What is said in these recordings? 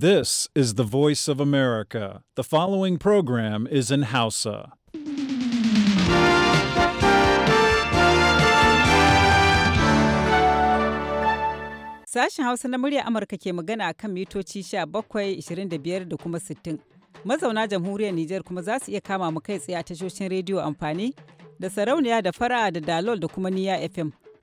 This is the voice of America. The following program is in Hausa. Sashen Hausa na murya Amurka ke magana a kan mitoci 17, 25 da kuma 60. Mazauna jamhuriyar Nijar kuma za su iya kama mu kai tsaye a tashoshin rediyo amfani da sarauniya da fara da dalol da kuma niya FM.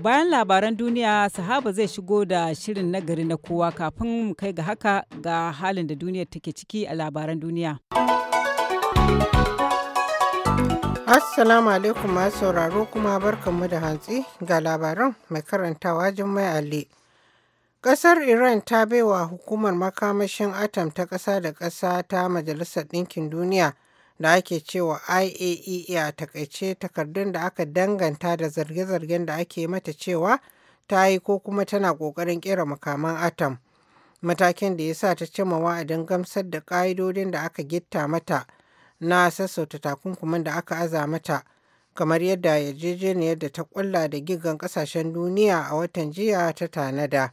Bayan labaran duniya, sahaba zai shigo da shirin nagari na kowa kafin mu kai ga haka ga halin da duniyar take ciki a labaran duniya. Assalamu alaikum masu sauraro kuma barkanmu da hantsi ga labaran mai karantawa Jummai Ali. Kasar Iran ta baiwa hukumar makamashin atom ta ƙasa da ƙasa ta Majalisar Ɗinkin Duniya da ake cewa IAEA a e takaice takardun da aka danganta da zarge-zargen da ake mata cewa ta yi ko kuma tana ƙoƙarin ƙera makaman atom. Matakin da ya sa ta cima wa'adin gamsar da ƙa'idodin da aka gitta mata na sassauta takunkumin da aka aza mata kamar yadda yarjejeniyar da ta ƙulla da gigan ƙasashen duniya a watan jiya ta tanada.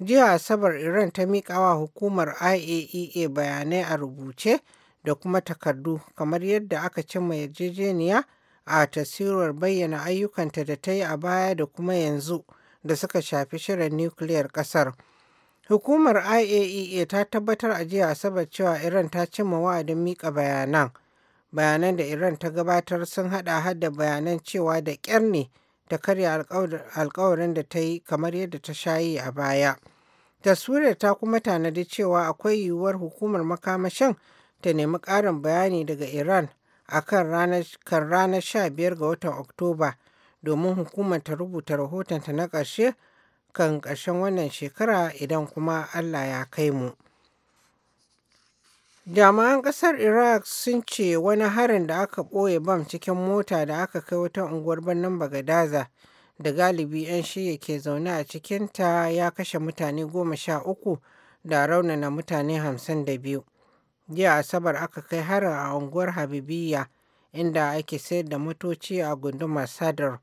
Jiya Asabar Iran ta miƙa wa hukumar IAEA e bayanai a rubuce. da kuma takardu kamar yadda aka cimma yarjejeniya a tasirar bayyana ayyukanta da ta yi a baya da kuma yanzu da suka shafi shirin nukiliyar kasar. Hukumar IAEA e ta tabbatar a jiya Asabar cewa Iran ta cimma wa'adin mika bayanan. Bayanan da Iran ta gabatar sun hada hada bayanan cewa da ƙyar ne ta karya alkawarin da ta yi kamar yadda ta shayi a baya. Taswirar ta kuma tanadi cewa akwai yiwuwar hukumar makamashin ta nemi ƙarin bayani daga Iran a kan ranar 15 ga watan Oktoba domin hukumar ta rubuta rahotonta na ƙarshe kan ƙarshen wannan shekara idan kuma Allah ya kai mu. Jami'an ƙasar Iraq sun ce wani harin da aka ɓoye bam cikin mota da aka kai wata unguwar birnin Bagadaza da galibi 'yan shiya ke zaune a cikinta ya kashe mutane goma sha uku da raunana mutane hamsin da biyu. jiya asabar aka kai harin a unguwar habibiyya inda ake sayar da motoci a gundumar sadar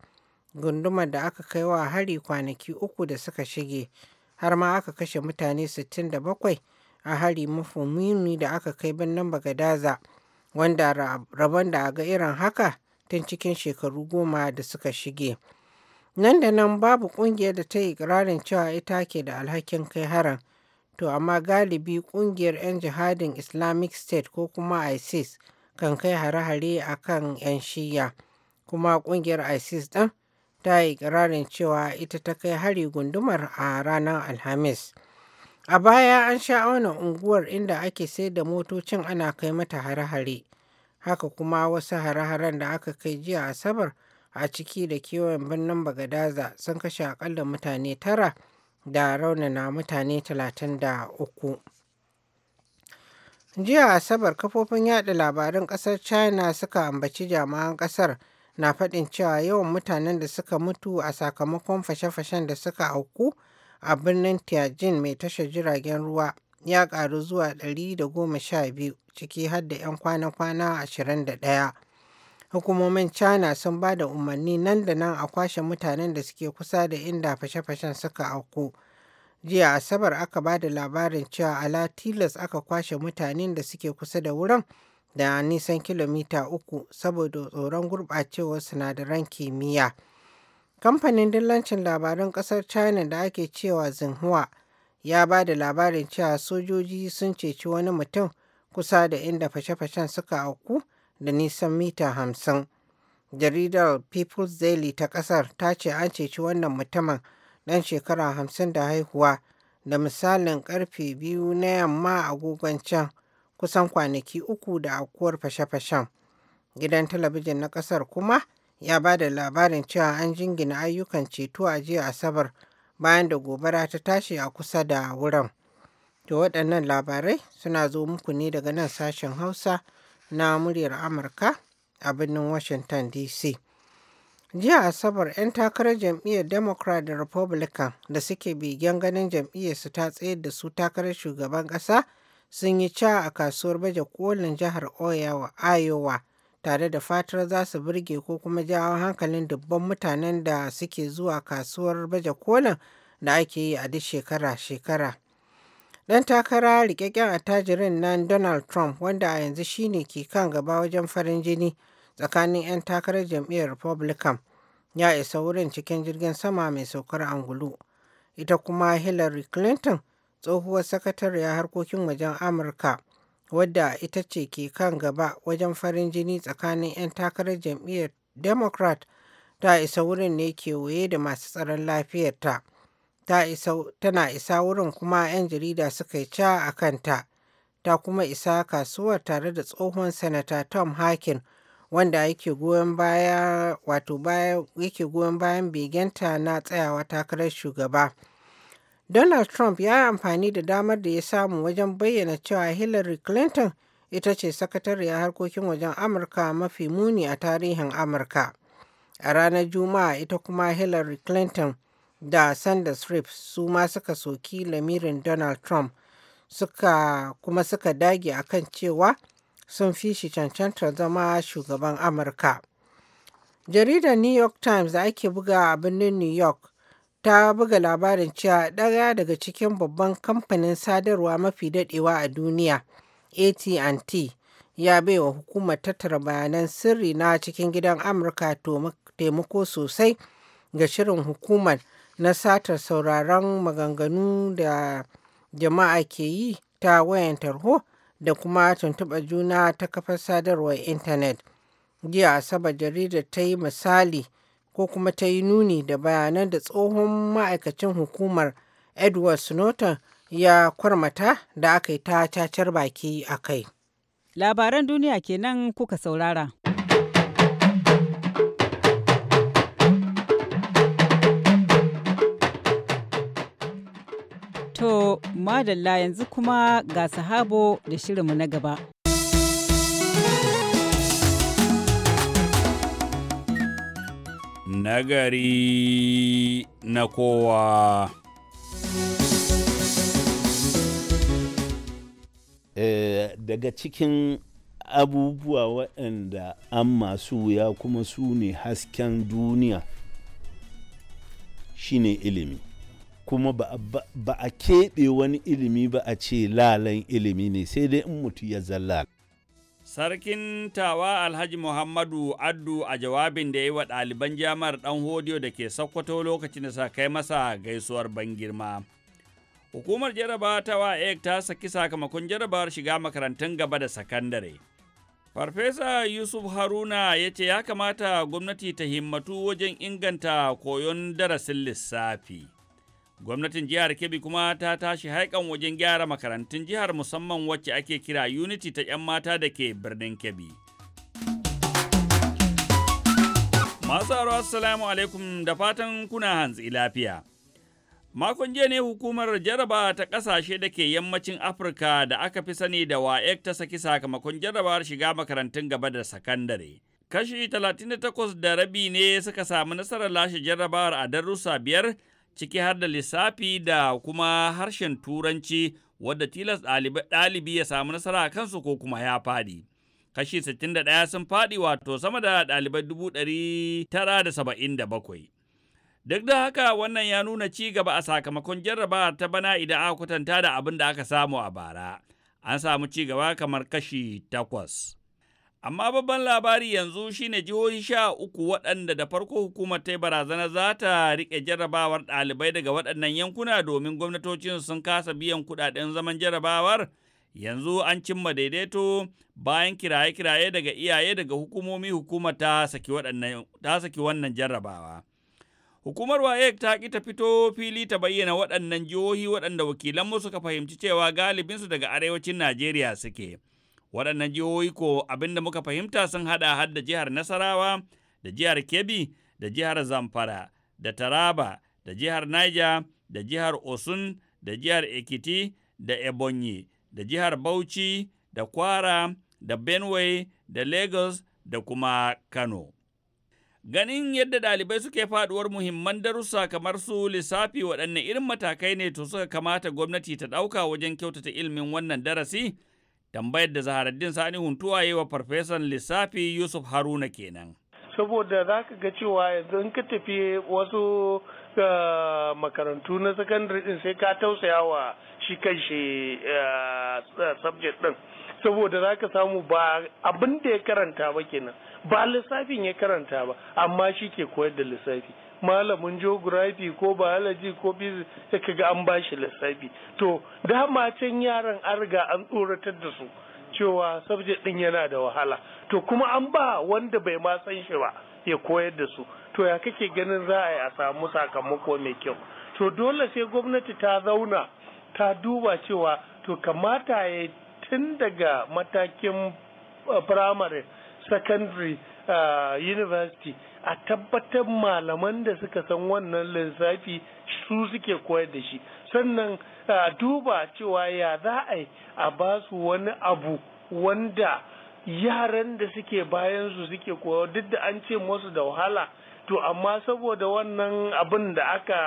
gundumar da aka kai wa hari kwanaki uku da suka shige har ma aka kashe mutane 67 a hari mafi muni da aka kai birnin bagadaza wanda rabon da ga irin haka tun cikin shekaru goma da suka shige nan da nan babu kungiyar da ta yi ikirarin cewa ita ke da alhakin kai harin to amma galibi ƙungiyar 'yan jihadin islamic state ko kuma isis kan kai hare-hare a kan 'yan shiya kuma ƙungiyar isis ɗin ta yi ƙirarin cewa ita ta kai hari gundumar a ranar alhamis a baya an sha auna unguwar inda ake sai da motocin ana kai mata hare-hare haka kuma wasu hare-haren da aka kai jiya asabar a ciki da kewayen birnin bagadaza sun kashe akalla mutane tara da raunana mutane 33 jiya asabar kafofin yada labarin kasar china suka ambaci jama'an kasar na faɗin cewa yawan mutanen da suka mutu a sakamakon fashe-fashen da suka auku a birnin tianjin mai tashar jiragen ruwa ya ƙaru zuwa 112 ciki har da 'yan kwana-kwana 21 hukumomin china sun ba da umarni nan da nan a kwashe mutanen da suke kusa da inda fashe-fashen suka auku jiya asabar aka ba da labarin cewa ala tilas aka kwashe mutanen da suke kusa da wurin da nisan kilomita uku saboda tsoron gurɓacewar sinadaran kimiyya kamfanin dillancin Labarun ƙasar china da ake cewa zinhua ya ba da labarin cewa sojoji sun ceci wani mutum kusa da inda fashe-fashen suka auku da nisan mita hamsin. Jaridar People's Daily ta ƙasar ta ce an ceci wannan mutumin dan shekara hamsin da haihuwa da misalin karfe biyu na yamma agogon can kusan kwanaki uku da akuwar fashe-fashen. Gidan talabijin na ƙasar kuma ya ba da labarin cewa an jingina ayyukan ceto a jiya Asabar bayan da gobara ta tashi a kusa da wurin. To waɗannan labarai suna zo muku ne daga nan sashen Hausa na muryar Amurka a birnin Washington DC. Jiya Asabar 'yan takarar jam'iyyar Democrat da Republican da suke begen ganin jam'iyyar su ta tsayar da su takarar shugaban ƙasa sun yi ca a kasuwar baje kolin jihar Iowa tare da fatar za su birge ko kuma jawo hankalin dubban mutanen da suke zuwa kasuwar baje kolin da ake yi a duk shekara-shekara. Dan takara rikakken attajirin nan Donald Trump wanda a yanzu shine ke kan gaba wajen farin jini tsakanin 'yan takarar jam'iyyar Republican ya isa wurin cikin jirgin sama mai saukar angulu. Ita kuma Hillary Clinton tsohuwar sakatariyar harkokin wajen Amurka wadda ita ce ke kan gaba wajen farin jini tsakanin 'yan takarar jam'iyyar Democrat ta isa wurin ne kewaye da masu tsaron lafiyarta. tana isa wurin kuma 'yan jarida suka yi ca a kanta ta kuma isa kasuwar tare da tsohon sanata tom harkin wanda yake goyon baya wato baya yake goyon bayan begenta na tsayawa takarar shugaba donald trump ya yi amfani da damar da ya samu wajen bayyana cewa hillary clinton ita ce sakatariyar harkokin wajen amurka mafi muni a tarihin amurka a ranar juma'a ita kuma hillary clinton da Sanders Rips su ma suka soki lamirin Donald Trump suka kuma suka dage a kan cewa sun fi shi cancantar zama shugaban Amurka. Jaridar New York Times da ake buga a birnin New York ta buga labarin cewa 'Daga daga cikin babban kamfanin sadarwa mafi dadewa a duniya AT&T ya baiwa hukumar tattara bayanan sirri na cikin gidan Amurka taimako sosai ga shirin hukumar na satar sauraron maganganu da jama'a ke yi ta wayan tarho da kuma tuntuɓa juna ta kafar sadarwar intanet jiya asabar jaridar ta yi misali ko kuma ta yi nuni da bayanan da tsohon ma'aikacin hukumar edward snowden ya kwarmata da aka yi ta cacar baki a kai labaran duniya kenan kuka saurara. To, madalla yanzu kuma ga sahabo da shirinmu na gaba. Nagari na kowa. Eh, daga cikin abubuwa waɗanda an masu wuya kuma su ne hasken duniya shine ilimi. kuma ba a keɓe wani ilimi ba a ce lalan ilimi ne sai dai in mutu ya zalla. Sarkin tawa Alhaji Muhammadu Addu a jawabin da ya yi wa ɗaliban jami'ar ɗan hodiyo da ke sakkwato lokacin da sa kai masa gaisuwar ban girma. Hukumar jarabawa ta WAEC ta saki sakamakon jarabawar shiga makarantun gaba da sakandare. Farfesa Yusuf Haruna ya ce ya kamata gwamnati ta himmatu wajen inganta koyon darasin lissafi. Gwamnatin jihar Kebbi kuma ta tashi haikan wajen gyara makarantun jihar musamman wacce ake kira Unity ta 'yan mata da ke birnin Kebbi. Masu aro assalamu alaikum da fatan kuna hantsi lafiya. Makon jiya ne hukumar jaraba ta kasashe da ke yammacin Afirka da aka fi sani da WAEC ta saki sakamakon jarabar shiga makarantun gaba da sakandare. Kashi 38 da rabi ne suka samu nasarar lashe jarabar a darussa biyar ciki har da lissafi da kuma harshen turanci wadda tilas ɗalibi ya samu nasara a kansu ko kuma ya faɗi. Kashi 61 sun faɗi wato sama da ɗalibai 977. Duk da haka wannan ya nuna ci gaba a sakamakon jarrabawa ta bana idan aka kwatanta da abin da aka samu a bara. An samu ci gaba kamar kashi takwas. Amma babban labari yanzu shine jihohi sha uku waɗanda da farko hukumar ta barazana za ta riƙe jarrabawar ɗalibai daga waɗannan yankuna domin gwamnatocin sun kasa biyan kuɗaɗen zaman jarrabawar yanzu an cimma daidaito bayan kiraye-kiraye daga iyaye daga hukumomi hukumar ta saki wannan jarrabawa. Hukumar WAEC ta ƙi ta fito fili ta bayyana waɗannan jihohi waɗanda wakilanmu suka fahimci cewa galibinsu daga arewacin Najeriya suke. waɗannan jihohi ko abin da muka fahimta sun haɗa har da jihar nasarawa da jihar kebbi da jihar zamfara da taraba da jihar niger da jihar osun da jihar ekiti da ebonyi da jihar bauchi da kwara da benue da lagos da kuma kano ganin yadda ɗalibai suke faɗuwar muhimman darussa kamar su lissafi waɗanne irin matakai ne to suka kamata gwamnati ta ɗauka wajen kyautata ilimin wannan darasi Tambayar da Zaharaddin Sani Huntuwa yi wa Farfesan Lissafi Yusuf Haruna kenan. Saboda za ka ga cewa yanzu in ka tafi wasu ah, makarantu na sakandare din sai ka tausaya wa shi kan shi ah, subject din. Saboda za ka samu ba abin da ya karanta ba kenan, ba lissafin ya karanta ba, amma shi ke koyar da lissafi. malamin geography ko biology ko business sai ga an bashi lissafi to dama can yaran an an tsoratar da su cewa subject din yana da wahala to kuma an ba wanda bai ma san shi ba ya koyar da su to ya kake ganin za a yi a samu sakamako mai kyau to dole sai gwamnati ta zauna ta duba cewa to kamata ya tun daga matakin uh, primary secondary uh, university a tabbatar malaman da suka san wannan lissafi su suke koyar da shi sannan a duba cewa ya za a yi a ba su wani abu wanda yaran da suke bayan su suke koyo duk da an ce musu da wahala to amma saboda wannan abin da aka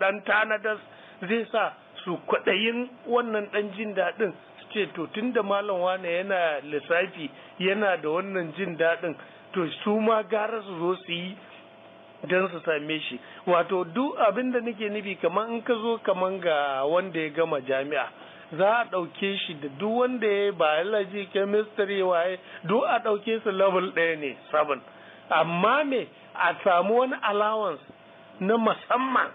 dan tanadar zai sa su kwaɗayin wannan ɗan jin daɗin su ce to tunda da malam wane yana lissafi yana da wannan jin daɗin to su ma gara su zo su yi don su same shi wato duk abin da nake nufi kamar in ka zo kamar ga wanda ya gama jami'a za a ɗauke shi da duk wanda ya biology chemistry waye duk a ɗauke su level ɗaya ne sabon amma me a samu wani allowance na musamman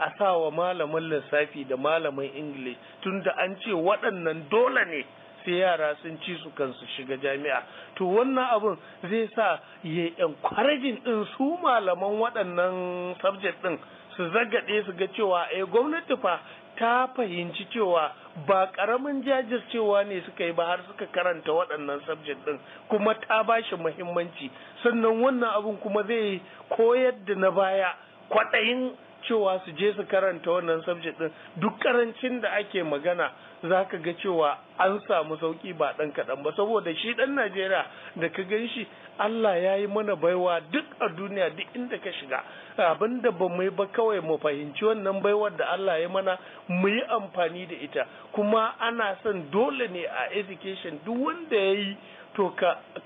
a sawa wa malamin lissafi da malamin english tunda an ce waɗannan dole ne sai yara sun ci su kansu shiga jami'a to wannan abun zai sa ya encouraging din su malaman waɗannan subject din su zagaɗe su ga cewa eh gwamnati fa ta fahimci cewa ba ƙaramin jajircewa ne suka yi ba har suka karanta waɗannan subject din kuma ta ba shi muhimmanci sannan wannan abun kuma zai koyar da na baya kwaɗayin cewa su je su karanta wannan subject din duk karancin da ake magana za ka ga cewa an samu sauki ba ɗan kaɗan ba saboda shi ɗan najeriya da ka gan shi allah ya yi mana baiwa duk a duniya duk inda ka shiga Abinda da ba mu yi ba kawai mu fahimci wannan baiwar da allah ya mana mu yi amfani da ita kuma ana son dole ne a education duk wanda ya yi to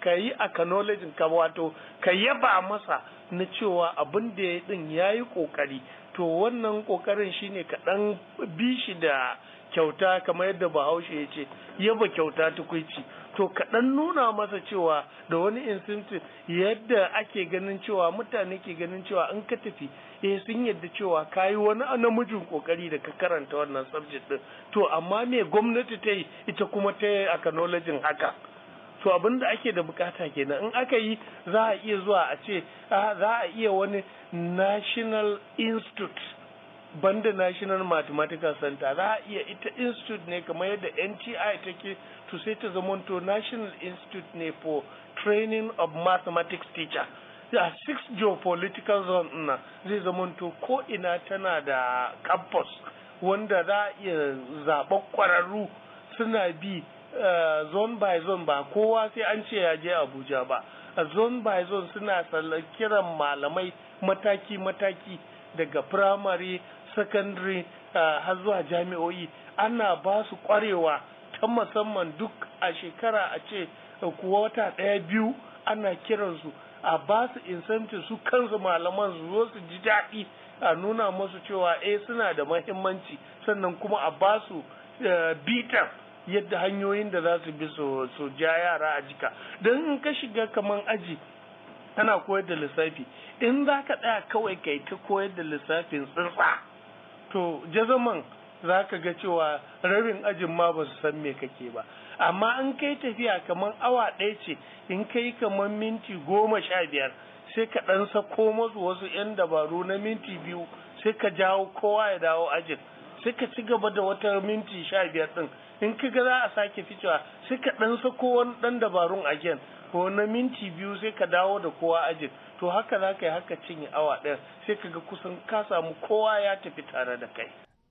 ka yi acknowledging ka wato ka yaba masa na cewa abinda da ya din ya yi kokari to wannan kokarin shine kaɗan bi shi da kyauta kamar yadda bahaushe ya ce yaba kyauta tukwici to kaɗan nuna masa cewa da wani incentive yadda ake ganin cewa mutane ke ganin cewa in ka tafi eh sun yadda cewa ka yi wani namijin kokari da ka karanta wannan subject din to amma me gwamnati ta yi ita kuma ta yi acknowledging haka to abin da ake da bukata kenan in aka yi za a iya zuwa a ce za a iya wani national institute banda national mathematical center za a iya ita institute ne kamar yadda nti take to sai ta to national institute ne for training of mathematics teacher a six geopolitical zone na zai zamanto ko ina tana da campus wanda za a iya zaɓa ƙwararru suna bi Eh, zone by zone ba kowa sai an ce ya je abuja ba zone by zone suna kiran malamai mataki-mataki daga primary secondary eh, har zuwa jami'o'i ana ba su kwarewa ta musamman duk a shekara a ce kuwa wata ɗaya biyu ana kiransu a ba su incentive su kansu malaman su zo su ji daɗi a nuna musu cewa eh suna da mahimmanci sannan kuma a ba su eh, bitan yadda hanyoyin da za su bi su ja yara a jika don in ka shiga kaman aji kana koyar da lissafi in za ka tsaya kawai kai ta koyar da lissafin tsirtsa to jazaman za ka ga cewa rabin ajin ma ba su san me kake ba amma in ka yi tafiya kaman awa ɗaya ce in ka yi kaman minti goma sha biyar sai ka ɗan sako masu wasu 'yan dabaru na minti biyu sai ka jawo kowa ya dawo ajin sai ka ci gaba da wata minti sha biyar ɗin in kaga za a sake ficewa sai ka dan sako wani dan dabarun ajin ko na minti biyu sai ka dawo da kowa ajin to haka za ka yi haka cinye awa ɗaya sai ka ga kusan ka samu kowa ya tafi tare da kai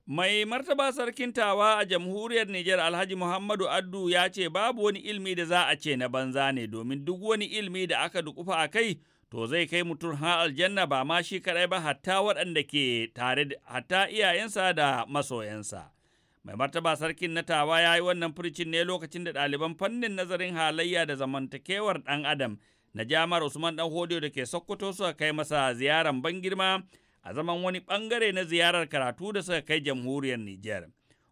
Mai martaba sarkin tawa a jamhuriyar Nijar Alhaji Muhammadu Addu ya ce babu wani ilmi da za a ce na banza ne domin duk wani ilmi da aka dukufa a kai to zai kai mutum ha aljanna ba ma shi kadai ba hatta waɗanda ke tare hatta iyayensa da masoyansa. Mai martaba sarkin na tawa ya yi wannan furcin ne lokacin da ɗaliban fannin nazarin halayya da zamantakewar ɗan adam na jami'ar Usman ɗan Hodiyo da ke Sokoto suka kai masa ziyaran ban girma a zaman wani ɓangare na ziyarar karatu da suka kai jamhuriyar niger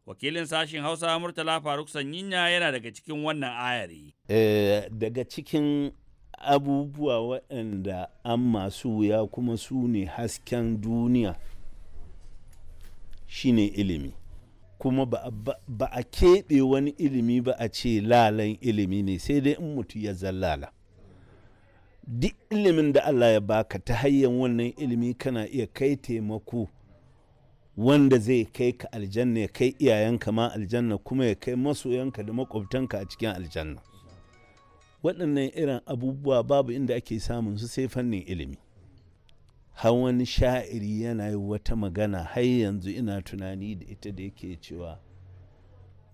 Wakilin sashen Hausa Murtala Faruk Sanyinya yana daga cikin wannan ayari. Eh, daga cikin abubuwa waɗanda an masu wuya kuma su ne hasken duniya shine ilimi kuma ba a keɓe wani ilimi ba a ce lalan ilimi ne sai dai in mutu ya zallala duk ilimin da Allah ya baka ta hanyar wannan ilimi kana iya kai taimako wanda zai kai ka aljanna ya kai iyayenka ma aljanna kuma ya kai masoyanka da makwabtanka a cikin aljanna waɗannan irin abubuwa babu inda ake samun su sai fannin ilimi har wani sha'iri yana yi wata magana har yanzu ina tunani da ita da yake cewa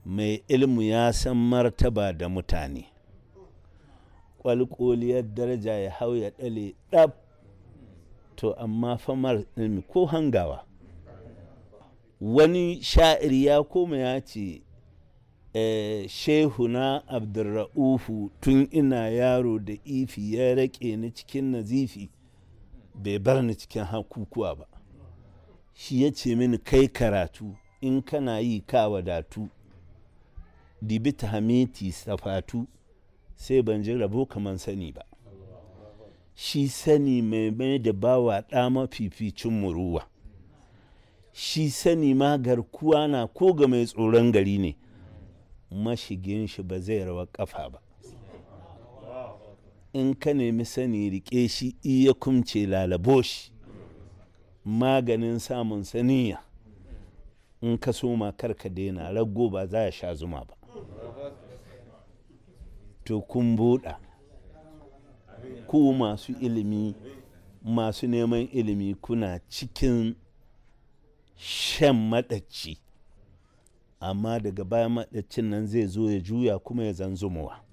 mai ilmu ya san martaba da mutane kwalkoliyar daraja ya hau ya ɗale ɗab to amma fa famar ilmi ko hangawa wani sha'iri ya koma ya ce eh, na abdurra'ufu tun ina yaro da ifi ya rake ni cikin nazifi bai bar ni cikin hakukuwa ba shi ya ce mini kai karatu in kana yi ka wadatu dibita hamiti safatu sai ban ji rabo kaman sani ba shi sani mai mai da bawa ɗa mafificin muruwa shi sani ma garkuwa na ko ga mai tsoron gari ne mashigin shi ba zai rawa ƙafa ba in ka nemi sani rike shi iya kumce lalabo shi maganin samun saniya in ka soma karka daina rago ba za a sha zuma ba to kun buɗa ku masu ilimi masu neman ilimi kuna cikin shan maɗaci amma daga baya maɗacin nan zai zo ya juya kuma ya zanzumuwa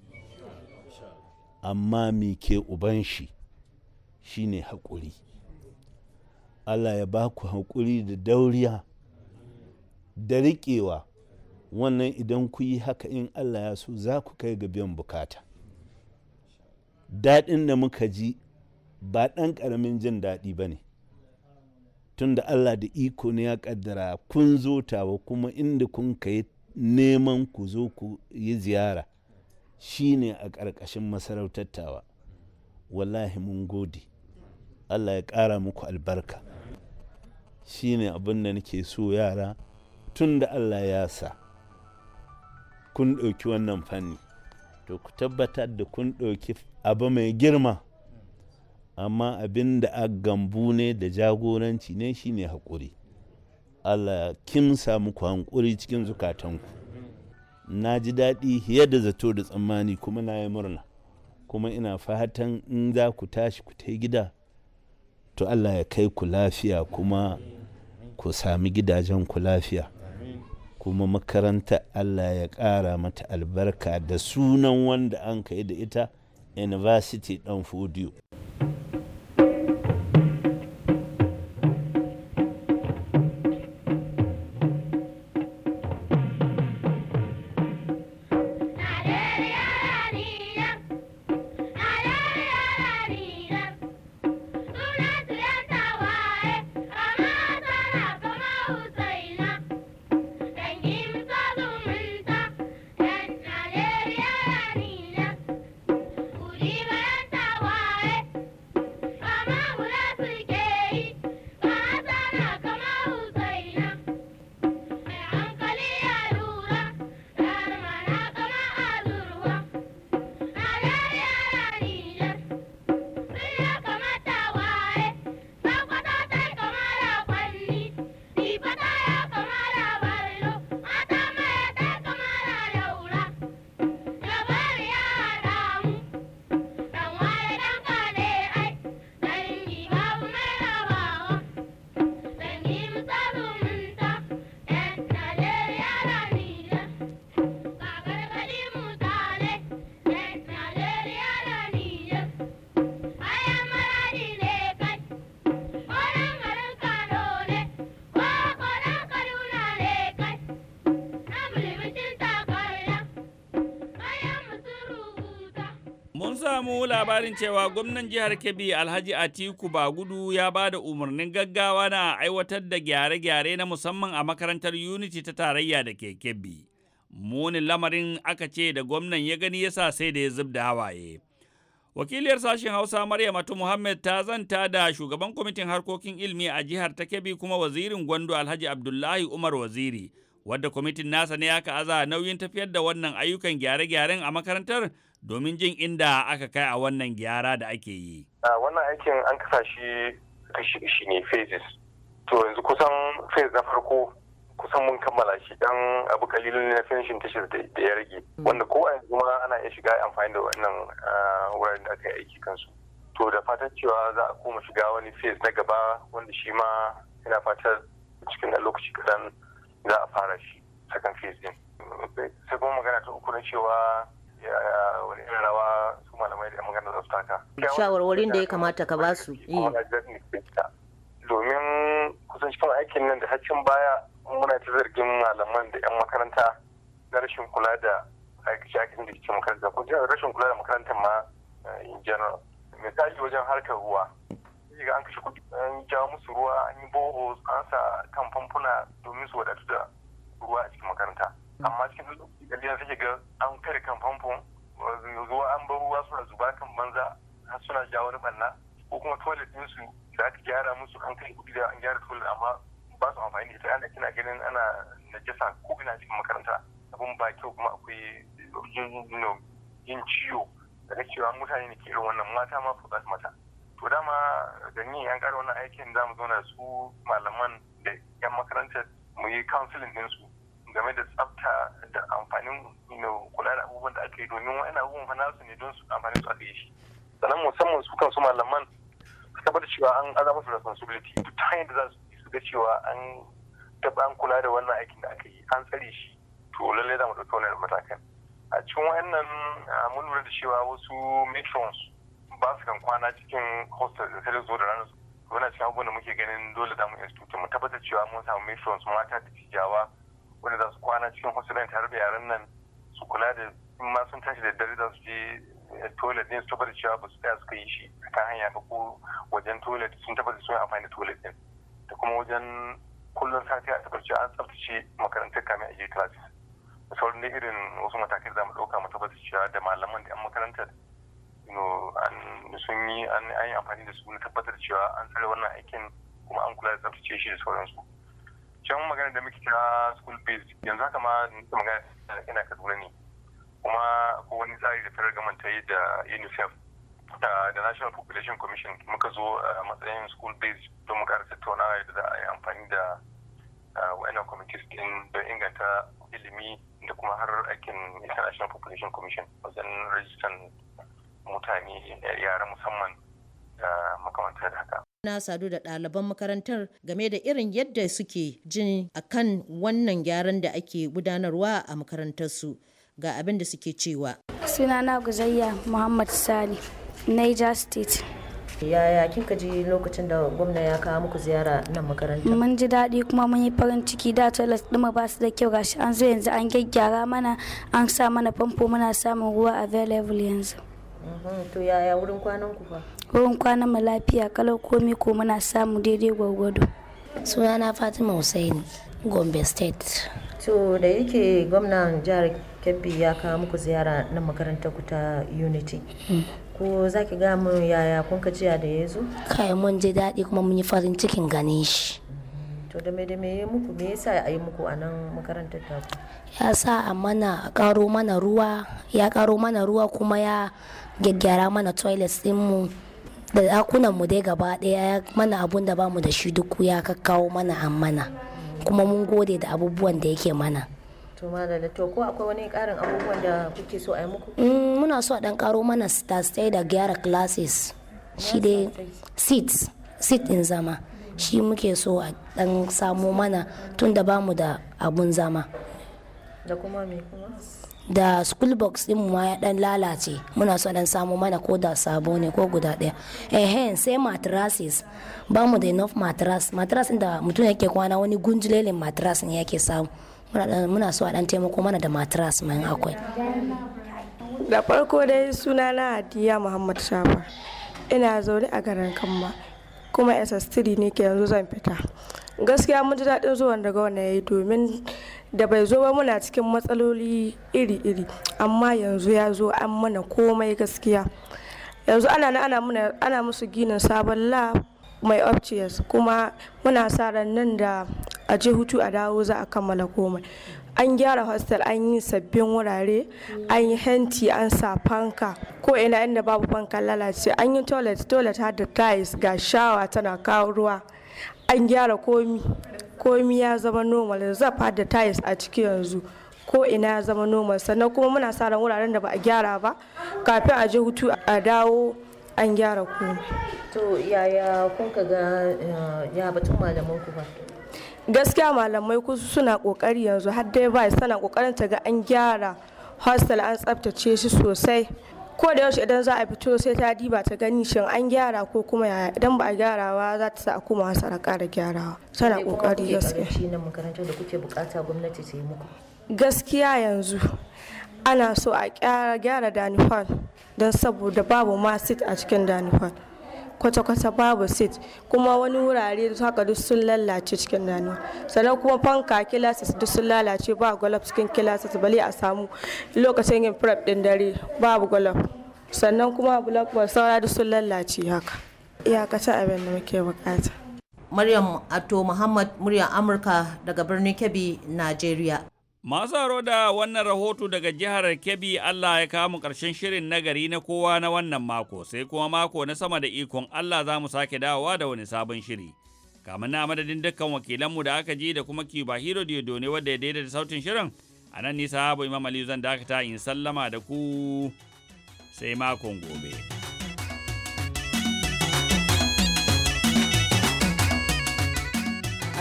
amma mi ke uban shi ne haƙuri Allah ya ba ku haƙuri da dauriya da riƙewa wannan idan ku yi haka in Allah ya so za ku kai ga biyan bukata daɗin da muka ji ba ɗan ƙaramin jin daɗi ba ne tun da Allah da iko ne ya ƙaddara kun zo tawa kuma inda kun kai neman ku zo ku yi ziyara shine a ƙarƙashin masarautar tawa wallahi mun gode allah ya ƙara muku albarka shine abin da nake so yara tun da allah ya sa kun ɗauki wannan fanni to ku tabbatar da kun ɗauki abu mai girma amma abin da a gambu ne da jagoranci ne shine haƙuri allah kimsa muku hankuri cikin zukatanku na ji daɗi yadda zato da tsammani kuma na yi murna kuma ina fatan in za ku tashi ku ta gida to Allah ya kai ku lafiya kuma ku sami gidajen ku lafiya kuma makaranta Allah ya ƙara mata albarka da sunan wanda an kai da ita university ɗan fudiyo. labarin cewa gwamnan jihar Kebbi Alhaji Atiku Bagudu ya ba da umarnin gaggawa na aiwatar da gyare-gyare na musamman a makarantar Unity ta tarayya da ke Kebbi. Munin lamarin aka ce da gwamnan ya gani yasa sai da ya zub da hawaye. Wakiliyar sashen Hausa Maryam Atu Muhammad ta zanta da shugaban kwamitin harkokin ilimi a jihar ta Kebbi kuma wazirin gwando Alhaji Abdullahi Umar Waziri. wadda kwamitin nasa ne aka aza nauyin tafiyar da wannan ayyukan gyare-gyaren a makarantar domin jin inda aka kai a wannan gyara da ake yi. Wannan aikin an kasa shi kashi ne phases. To yanzu kusan phase na farko kusan mun kammala shi dan abu kalilin na finishing tashar da ya rage hmm. wanda ko yanzu ma ana iya shiga amfani da wannan wuraren da aka yi aiki kansu. To da fatan cewa za a koma shiga wani phase na gaba wanda shi ma yana fatar cikin lokaci kadan za a fara shi second phase din eh, sai kuma magana ta uku na cewa wani irin rawa su malamai da magana da su taka eh. shawarwarin da ya kamata ka ba su domin kusan cikin aikin nan da haccin baya muna ta zargin malaman da 'yan makaranta na rashin kula da aikace aikin da ke makaranta ko rashin kula da makarantar ma eh, in general misali wajen harkar ruwa ga an kashe kudi an ja musu ruwa an yi boho an sa kan famfuna domin su wadatu da ruwa a cikin makaranta amma cikin lokaci kalilan sai ga an kare kan famfon ruwa an bar ruwa suna zuba kan banza har suna ja wani banna ko kuma toilet su da aka gyara musu an kai kuɗi da an gyara toilet amma ba su amfani da ita ana kina ganin ana najasa ko ina cikin makaranta abin ba kyau kuma akwai yin ciwo daga cewa mutane ne ke irin wannan mata ma fuka mata to dama da ni yan ƙara wani aikin za mu zauna su malaman da yan makarantar mu yi counseling ɗinsu game da tsafta da amfanin kula da abubuwan da ake domin wa'in abubuwan fana su ne don su amfani su aka yi shi sannan musamman su kansu malaman su tabbatar cewa an azaba su responsibility duk ta da za su su ga cewa an taɓa an kula da wannan aikin da aka yi an tsare shi to lallai za mu ɗauki wannan matakan a cikin wannan mun lura da cewa wasu matrons ba su kan kwana cikin hostel da sai da ranar su. wani cikin abubuwan da muke ganin dole da mu institute mu tabbatar cewa mun samu missions mata da tijawa wanda za su kwana cikin hostel ɗin tare da yaran nan su kula da in ma sun tashi da dare za su je eh, toilet din su tabbatar cewa ba su tsaya suka yi shi kan hanya ba ko wajen toilet sun tabbatar sun amfani da toilet din da kuma wajen kullum sati a tabbatar cewa an tsaftace makarantar kamin a je classes sauran irin wasu matakai da za mu ɗauka mu tabbatar cewa da malaman da 'yan makarantar sun yi an yi amfani da su na tabbatar cewa an tsare wannan aikin kuma an kula da tsaftace shi da sauransu can magana da muke kira school fees yanzu haka ma nake magana ina kaduna ne kuma ko wani tsari da federal gama ta yi da unicef da national population commission muka zo a matsayin school base don mu ƙara tattaunawa yadda za a yi amfani da wa'annan committees din don inganta ilimi da kuma har aikin international population commission wajen rajistan mutane yara musamman da makamantar haka. na sadu da ɗaliban makarantar game da irin yadda suke jin akan wannan gyaran da ake gudanarwa a makarantarsu ga abin da suke cewa. sunana guzayya muhammad sani niger state yaya kinka ji lokacin da gwamna ya kawo muku ziyara nan makaranta mun ji daɗi kuma mun yi farin ciki da toilet ɗuma ba su da kyau gashi an zo yanzu an gyaggyara mana an sa mana famfo muna samun ruwa available yanzu to yaya wurin kwanan ku fa wurin kwanan mu lafiya kala komi ko muna samu daidai gwargwado sunana fatima hussaini gombe state to da yake gwamnan jihar kebbi ya kawo muku ziyara na makarantar ku ta unity hmm. ko za ki ga mu yaya kun ka jiya da ya zo kai mun ji daɗi kuma mun yi farin cikin ganin shi to da me da me muku me yasa a yi muku a nan makarantar ta ku. ya sa a mana a ƙaro mana ruwa ya karo mana ruwa kuma ya gyaggyara mana toilets mu da dakunan mu dai gaba daya mana abun da bamu da shi duk ya kakkawo mana an mana kuma mun gode da abubuwan da yake mana to malala to ko akwai wani karin abubuwan da kuke so a yi muku mm, muna so a dan karo mana stay da gyara classes shi dai seats seat in zama shi muke so a dan samo mana tun da bamu da abun zama da kuma me kuma da school box din ma ya dan lalace muna so dan samu mana ko da sabo ne ko guda daya eh sai mattresses ba mu da enough mattress mattress da mutum yake kwana wani gunjulelin mattress ne yake samu muna so a dan taimako mana da mattress mai akwai da farko dai suna na hadiya muhammad shafa ina zaune a garin kamma kuma ss3 ne ke yanzu zan fita gaskiya mun ji daɗin zuwan daga wannan yayi domin da bai zo ba muna cikin matsaloli iri-iri amma yanzu ya zo an mana komai gaskiya yanzu ana ana ana musu ginin sabon lab mai obvious kuma muna sa ran nan da a je hutu a dawo za a kammala komai an gyara hostel an yi sabbin wurare an yi henti an sa fanka ko ina inda babu fankan lalace an yi toilet toilet har da tiles ga shawa tana kawo ruwa an gyara komi komi ya zama normal zafa da tiles a ciki yanzu ko ina ya zama normal sannan kuma muna sa ran wuraren da ba a gyara ba kafin a je hutu a dawo an gyara komi to yaya kun ka ga eh, ya batun malaman ku ba gaskiya malamai ku suna kokari yanzu har dai ba sana kokarin ta ga an gyara hostel an tsaftace shi sosai ko da yaushe idan za a fito sai ta diba ta gani shin an gyara ko kuma yaya idan ba a gyarawa za ta sa a kuma hasara ƙara gyarawa tana ƙoƙari gaskiya gaskiya yanzu ana so a gyara danifan don saboda babu masit a cikin danifan kwata-kwata babu sit kuma wani wurare da haka duk sun lalace cikin rana sannan kuma fanka kilasis duk sun lalace ba golf cikin kilasis bale a samu lokacin yin prep din dare babu golf sannan kuma blackboard saura duk sun lalace haka iyakacin abin da muke bukata maryam ato muhammad murya amurka daga birnin kebbi nigeria Masu haro da wannan rahoto daga jihar Kebbi Allah ya kawo mu ƙarshen shirin nagari na kowa na wannan mako sai kuma mako na sama da ikon Allah za mu sake dawowa da wani sabon shiri. Kamar na madadin dukkan wakilanmu da aka ji da kuma Kiba Hiro Diodone wadda ya daidaita sautin shirin a nan nisa Abu Imam Aliyu zan dakata in sallama da ku sai makon gobe.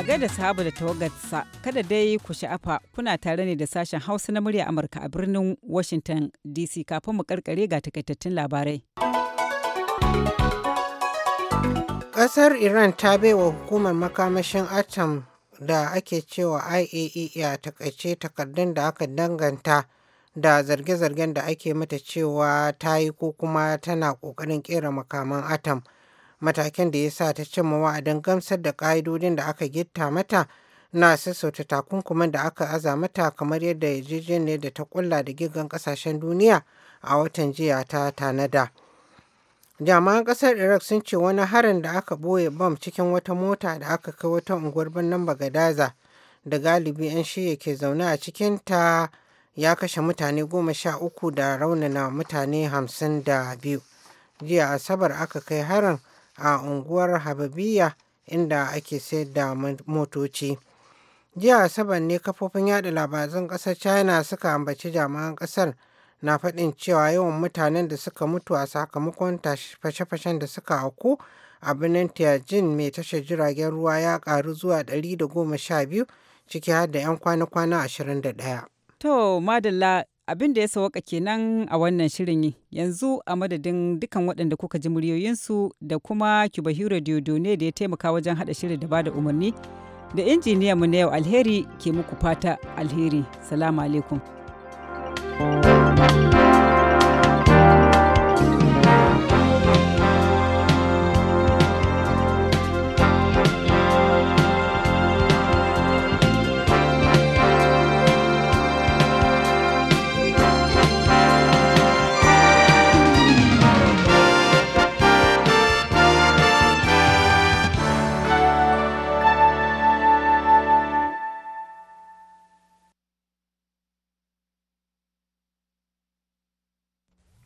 da sahabu da tawagarsa kada dai ku sha'afa kuna tare ne da sashen hausa na murya amurka a birnin washington dc kafin mu karkare ga takaitattun labarai kasar iran ta baiwa hukumar makamashin atom da ake cewa iaea ya e takaice takardun da aka danganta da zarge-zargen da ake mata cewa ta yi ko kuma tana kokarin kera makaman atom matakin da ya sa ta cimma wa'adin gamsar da ƙa'idodin da aka gitta mata na sassauta takunkumin da aka aza mata kamar yadda ne da ta kulla da gigan ƙasashen duniya a watan jiya ta tanada jami'an ƙasar iraq sun ce wani harin da aka boye bam cikin wata mota da aka kai wata unguwar birnin bagadaza da galibi 'yan shi ke zaune a cikinta ya kashe mutane goma sha uku da raunana mutane hamsin da biyu jiya asabar aka kai harin a unguwar Hababiya inda ake sayar da motoci. Jiya Asabar ne kafofin yada labaran ƙasar China suka ambaci jami'an ƙasar na faɗin cewa yawan mutanen da suka mutu a sakamakon fashe-fashen da suka auku a birnin Tianjin mai tashar jiragen ruwa ya ƙaru zuwa 112 ciki har da 'yan kwana-kwana 21. To, Madalla abin da ya sawaka kenan a wannan shirin yanzu a madadin dukan waɗanda kuka ji muryoyinsu da kuma kibahiro diodone da ya taimaka wajen haɗa shirin da ba da umarni da injiniya mu na yau alheri ke muku fata alheri salamu alaikum thank you